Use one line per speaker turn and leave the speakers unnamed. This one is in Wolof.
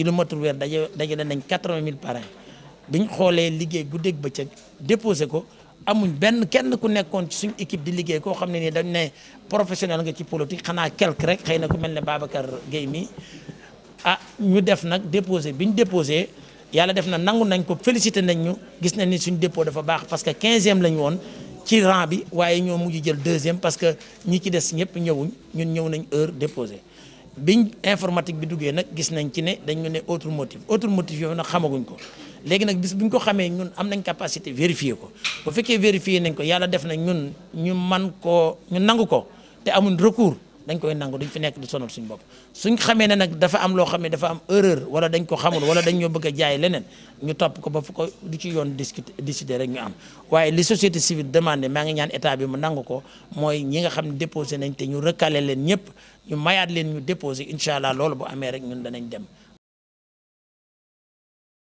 kilomètre lu matul weer daje dajale nañ quatre-vingt mille parrain biñ xoolee liggéey guddeeg bëccëg déposé ko amuñ benn kenn ku nekkoon ci suñ équipe di liggéey ko xamné ne dañ né professionnel nga ci politique xana quelque rek xeyna ku melné Babacar Gueye mi ah ñu def nak déposé biñ déposé yalla def na nangu nañ ko félicité nañ ñu gis nañ ni suñ dépôt dafa baax parce que 15 quinzième lañ won ci rang bi waye ñoo mujj jël 2 deuxième parce que ñi ci dess ñepp ñëwuñ ñun ñew nañ heure déposé biñ informatique bi duggee nag gis nañ ci ne dañu ne autre motif autre motif yooyu nag xamaguñ ko léegi nag bis bu ñu ko xamee ñun am nañ capacité vérifier ko bu fekkee vérifier nañ ko yàlla def na ñun ñu man koo ñu nangu ko te amul recours dañ koy nangu duñ fi nekk di sonal suñ bopp suñ xamee ne nag dafa am loo xam ne dafa am erreur wala dañ ko xamul wala dañ ñoo bëgg a jaay leneen ñu topp ko ba fu ko du ci yoon discuter décider rek ñu am waaye li société civile demandé maa ngi ñaan état bi mu nangu ko mooy ñi nga xam ne déposé nañ te ñu recalé leen ñëpp ñu mayaat leen ñu déposé incha allah loolu bu amee rek ñun danañ dem